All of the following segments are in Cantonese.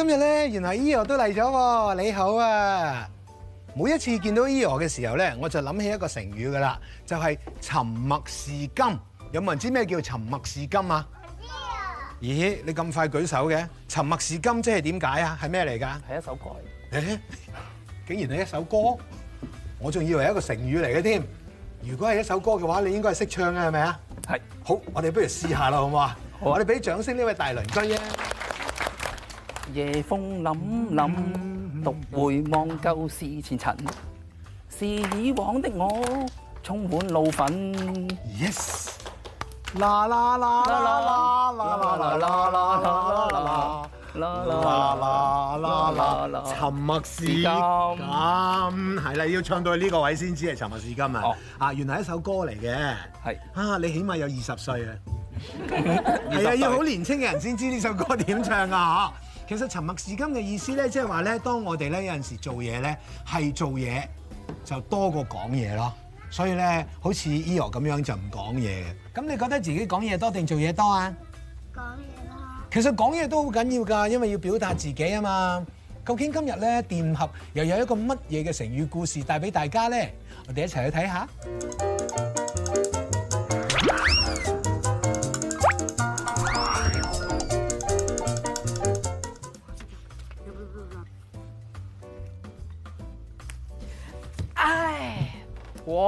今日咧，原來 Eo 都嚟咗喎！你好啊！每一次見到 Eo 嘅時候咧，我就諗起一個成語噶啦，就係沉默是金。有冇人知咩叫沉默是金啊？唔知啊！咦，你咁快舉手嘅？沉默是金即係點解啊？係咩嚟㗎？係一首歌嚟。誒，竟然係一首歌？我仲以為係一個成語嚟嘅添。如果係一首歌嘅話，你應該係識唱嘅係咪啊？係。好，我哋不如試下啦，好唔好啊？好。我哋俾啲掌聲呢位大鄰居啊！夜風凜凜，獨回望舊事前塵，是以往的我充滿怒憤。Yes，啦啦啦啦啦啦啦啦啦啦啦啦啦啦啦啦啦啦啦啦啦啦。沉默是金，係啦，要唱到呢個位先知係沉默是金啊！啊，原來一首歌嚟嘅。係啊，你起碼有二十歲啊。係啊，要好年輕嘅人先知呢首歌點唱啊！其實沉默是金嘅意思咧，即係話咧，當我哋咧有陣時做嘢咧，係做嘢就多過講嘢咯。所以咧，好似醫學咁樣就唔講嘢。咁你覺得自己講嘢多定做嘢多啊？講嘢啦。其實講嘢都好緊要㗎，因為要表達自己啊嘛。究竟今日咧電俠又有一個乜嘢嘅成語故事帶俾大家咧？我哋一齊去睇下。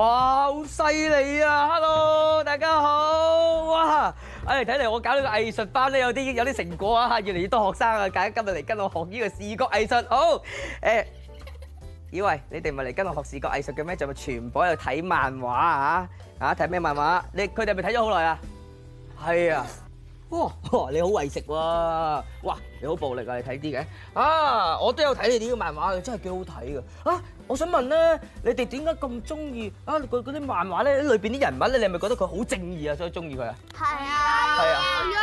哇，好犀利啊！Hello，大家好，哇！哎，睇嚟我搞呢個藝術班咧，有啲有啲成果啊，越嚟越多學生啊，梗係今日嚟跟我學呢個視覺藝術，好。誒、欸，咦喂，你哋唔係嚟跟我學視覺藝術嘅咩？就咪全部喺度睇漫畫啊？啊，睇咩漫畫？你佢哋係咪睇咗好耐啊？係啊，啊，哇，你好為食喎，哇，你好暴力啊，你睇啲嘅？啊，我都有睇你呢個漫畫真係幾好睇噶，啊！我想問咧，你哋點解咁中意啊？嗰啲漫畫咧，裏邊啲人物咧，你係咪覺得佢好正義啊？所以中意佢啊？係啊！係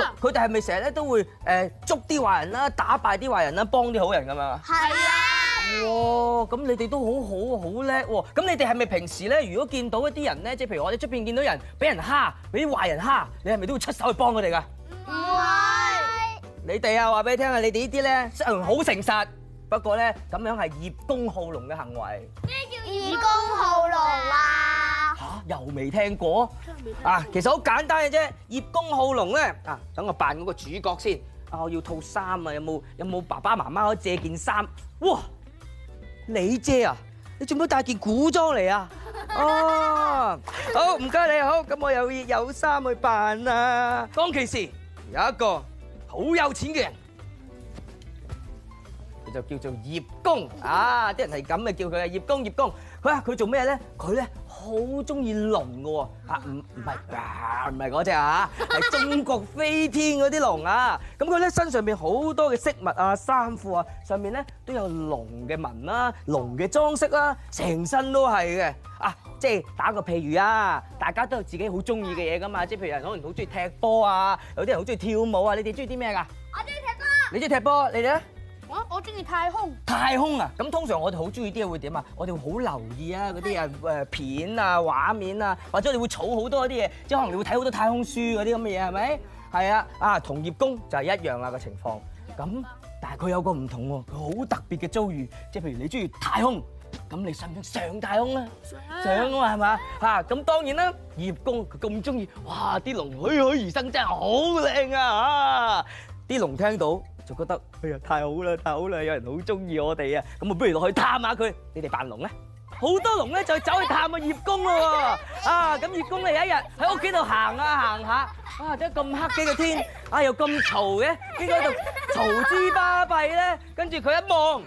啊！佢哋係咪成日咧都會誒捉啲壞人啦，打敗啲壞人啦，幫啲好人㗎嘛？係啊！哇、哦！咁你哋都好好好叻喎！咁你哋係咪平時咧，如果見到一啲人咧，即係譬如我哋出邊見到人俾人蝦，俾啲壞人蝦，你係咪都會出手去幫佢哋噶？唔會是是。你哋啊，話俾你聽啊，你哋呢啲咧，好誠實。不過咧，咁樣係葉公好龍嘅行為。咩叫葉公好龍啊？嚇，又未聽過啊？其實好簡單嘅啫。葉公好龍咧啊，等我扮嗰個主角先啊！我要套衫啊，有冇有冇爸爸媽媽可以借件衫？哇！你姐啊，你做唔好帶件古裝嚟啊！哦，好唔該你好，咁我又有衫去扮啦。當其時有一個好有錢嘅人。就叫做葉公啊！啲人係咁啊叫佢啊，葉公葉公。佢啊，佢做咩咧？佢咧好中意龍喎，唔唔係唔係嗰隻啊，係 中國飛天嗰啲龍啊。咁佢咧，身上邊好多嘅飾物啊、衫褲啊，上面咧都有龍嘅紋啦、龍嘅裝飾啦，成身都係嘅啊。即係打個譬如啊，大家都有自己好中意嘅嘢㗎嘛。即係譬如有人可能好中意踢波啊，有啲人好中意跳舞啊。你哋中意啲咩㗎？我中意踢波。你中意踢波，你哋咧？我我中意太空。太空啊，咁通常我哋好中意啲嘢會點啊？我哋會好留意啊，嗰啲啊，誒的片啊、畫面啊，或者你會儲好多啲嘢，即係可能你會睇好多太空書嗰啲咁嘅嘢，係咪？係的啊，啊，同葉公就係一樣啊個情況。咁的但係佢有個唔同喎，佢好特別嘅遭遇，即係譬如你中意太空，咁你想唔想上太空啊？上啊！係咪？嘛係吓咁當然啦，葉公佢咁中意，哇！啲龍栩栩如生，真係好靚啊！啲龍聽到。就覺得，哎呀太好啦，太好啦！有人好中意我哋啊，咁我不如落去探下佢。你哋扮龍咧，好多龍咧就走去探阿葉公咯。啊，咁葉公咧有一日喺屋企度行下行下，哇，真係咁黑嘅個天，啊又咁嘈嘅，喺度嘈之巴閉咧。跟住佢一望，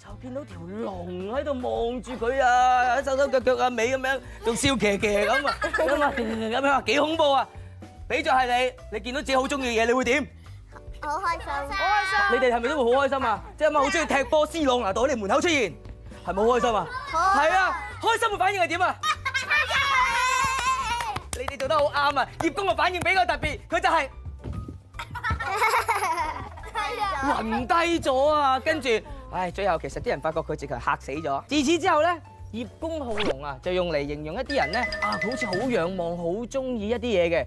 就見到條龍喺度望住佢啊，手手腳腳啊尾咁樣，仲笑騎騎咁啊，咁啊，咁樣話幾恐怖啊！俾咗係你，你見到自己好中意嘅嘢，你會點？好開心，好開心。你哋係咪都會好開心啊？即係咪好中意踢波，C 朗嗱，到你門口出現，係咪好開心啊？好。係啊，開心嘅反應係點啊？開心。你哋做得好啱啊！葉公嘅反應比較特別，佢就係暈低咗啊！跟住，唉，最後其實啲人發覺佢直頭嚇死咗。自此之後咧，葉公好龍啊，就用嚟形容一啲人咧啊，好似好仰望、好中意一啲嘢嘅。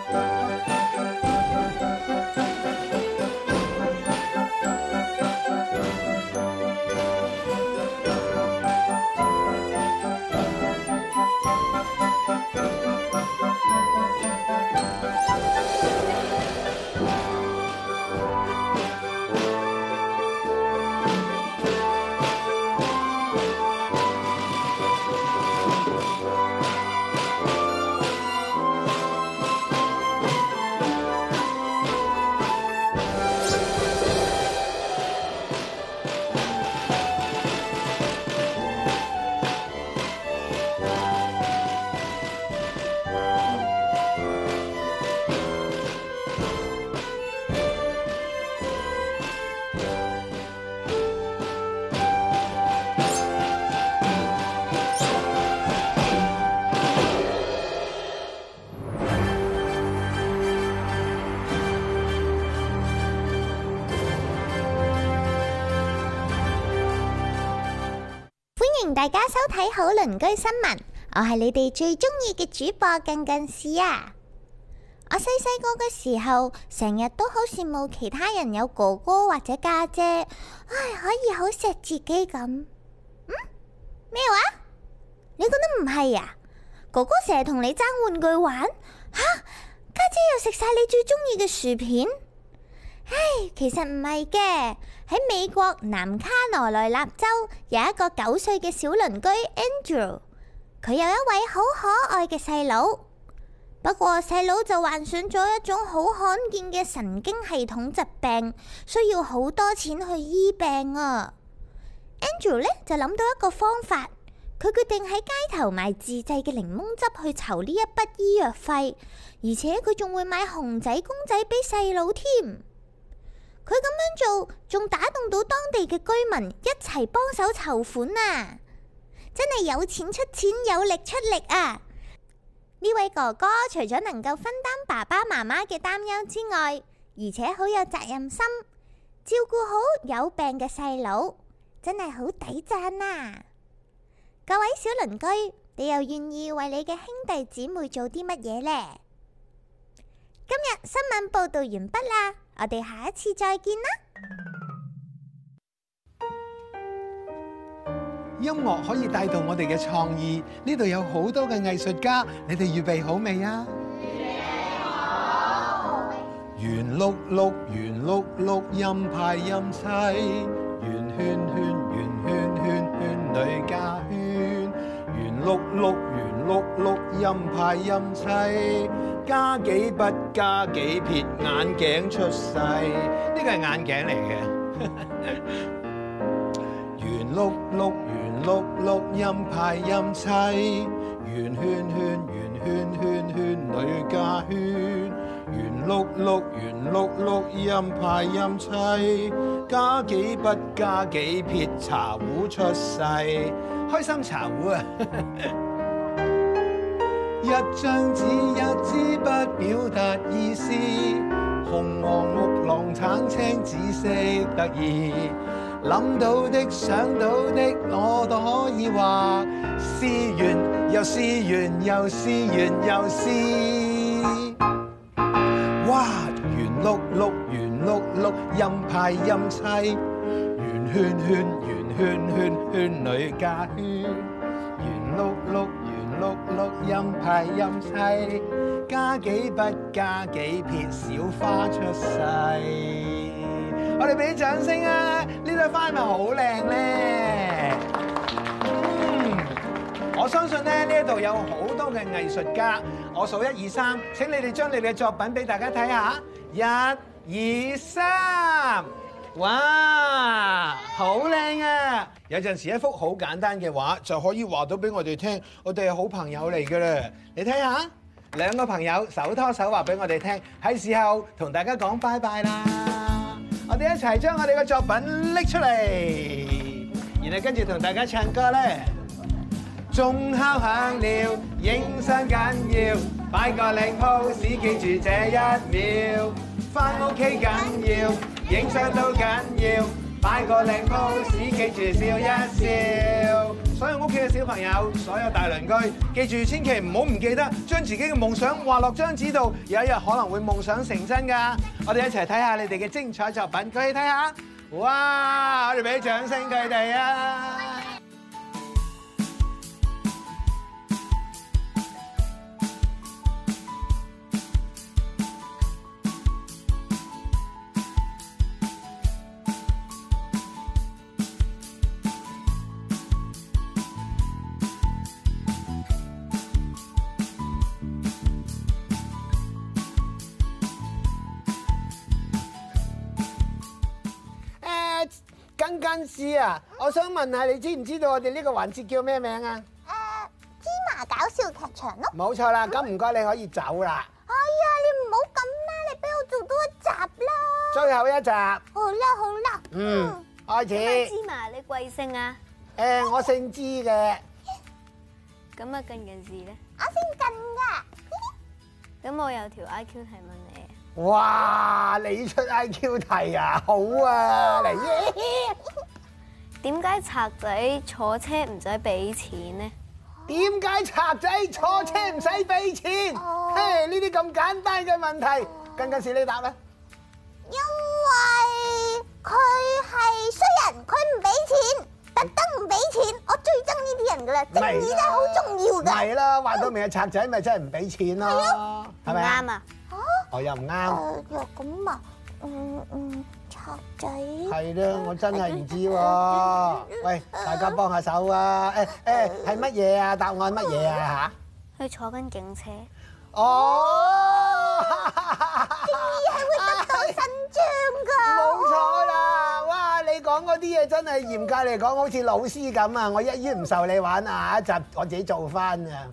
大家收睇好鄰居新聞，我係你哋最鍾意嘅主播近近視啊！我細細個嘅時候，成日都好羨慕其他人有哥哥或者家姐，唉，可以好錫自己咁。嗯，咩話？你覺得唔係呀？哥哥成日同你爭玩具玩，吓、啊、家姐又食晒你最鍾意嘅薯片。唉，其實唔係嘅。喺美國南卡羅來納州有一個九歲嘅小鄰居 Andrew，佢有一位好可愛嘅細佬。不過細佬就患上咗一種好罕見嘅神經系統疾病，需要好多錢去醫病啊。Andrew 呢就諗到一個方法，佢決定喺街頭賣自製嘅檸檬汁去籌呢一筆醫藥費，而且佢仲會買熊仔公仔俾細佬添。佢咁樣做，仲打動到當地嘅居民一齊幫手籌款啊！真係有錢出錢，有力出力啊！呢位哥哥除咗能夠分擔爸爸媽媽嘅擔憂之外，而且好有責任心，照顧好有病嘅細佬，真係好抵讚啊！各位小鄰居，你又願意為你嘅兄弟姊妹做啲乜嘢呢？今日新聞報道完畢啦！我哋下一次再見啦！音樂可以帶動我哋嘅創意，呢度有好多嘅藝術家，你哋預備好未啊？預備好。圓碌碌，圓碌碌，音派音砌，圓圈圈，圓圈圈，圈女加圈，圓碌碌，圓碌碌，音派音砌。加幾筆，加幾撇，眼鏡出世，呢個係眼鏡嚟嘅。圓碌碌，圓碌碌，音派音妻；圓圈圈，圓圈圈圈女家圈。圓碌碌，圓碌碌，音派音妻。加幾筆，加幾撇，茶壺出世，開心茶壺啊！ 一張紙，一支筆，表達意思。紅黃綠藍橙青紫色得意。諗到的想到的，我都可以畫。試完又試完又試完又試。哇！圓碌碌，圓碌碌，音派音砌。圓圈圈，圓圈圈，圈裏加圈。圓碌碌。音派音妻，加幾筆，加幾撇，小花出世。我哋俾掌聲啊！呢朵花咪好靚咧。嗯，我相信咧呢一度有好多嘅藝術家。我數一二三，請你哋將你哋嘅作品俾大家睇下。一、二、三。哇，好靚啊！有陣時一幅好簡單嘅畫就可以話到俾我哋聽，我哋係好朋友嚟嘅啦。你睇下，兩個朋友手拖手話俾我哋聽，係時候同大家講拜拜啦。我哋一齊將我哋嘅作品拎出嚟，然後跟住同大家唱歌咧。鐘敲響了，影相緊要，擺個靚 pose，記住這一秒，翻屋企緊要。影相都緊要，擺個靚 pose，記住笑一笑。所有屋企嘅小朋友，所有大鄰居，記住千祈唔好唔記得，將自己嘅夢想畫落張紙度，有一日可能會夢想成真㗎。我哋一齊睇下你哋嘅精彩作品，佢哋睇下，哇！我哋俾掌聲佢哋啊！恩師啊，我想問下你知唔知道我哋呢個環節叫咩名啊？誒，芝麻搞笑劇場咯。冇錯啦，咁唔該你可以走啦。哎呀，你唔好咁啦，你俾我做多一集啦。最後一集。好啦好啦，嗯，開始。芝麻，你貴姓啊？誒，我姓芝嘅。咁啊，近人士咧？我姓近噶。咁我有條 IQ 題問你。哇，你出 IQ 題啊？好啊，嚟。點解賊仔坐車唔使俾錢呢？點解賊仔坐車唔使俾錢？嘿、嗯，呢啲咁簡單嘅問題，更近是你答啦。因為佢係衰人，佢唔俾錢，特登唔俾錢。我最憎呢啲人噶啦，正義真係好重要噶。係咯，話到明係賊仔咪真係唔俾錢咯，係啊，係咪啱啊？我又唔啱。誒、呃，咁啊，嗯嗯。錯嘴係啦，我真係唔知喎，啊。喂，大家幫下手啊！誒、欸、誒，係乜嘢啊？答案乜嘢啊？吓，去坐緊警車。哦，呢啲係會得到勳章噶。冇錯，哎、啦！哇，你講嗰啲嘢，真係嚴格嚟講，好似老師咁啊！我一於唔受你玩啊！一集我自己做翻啊！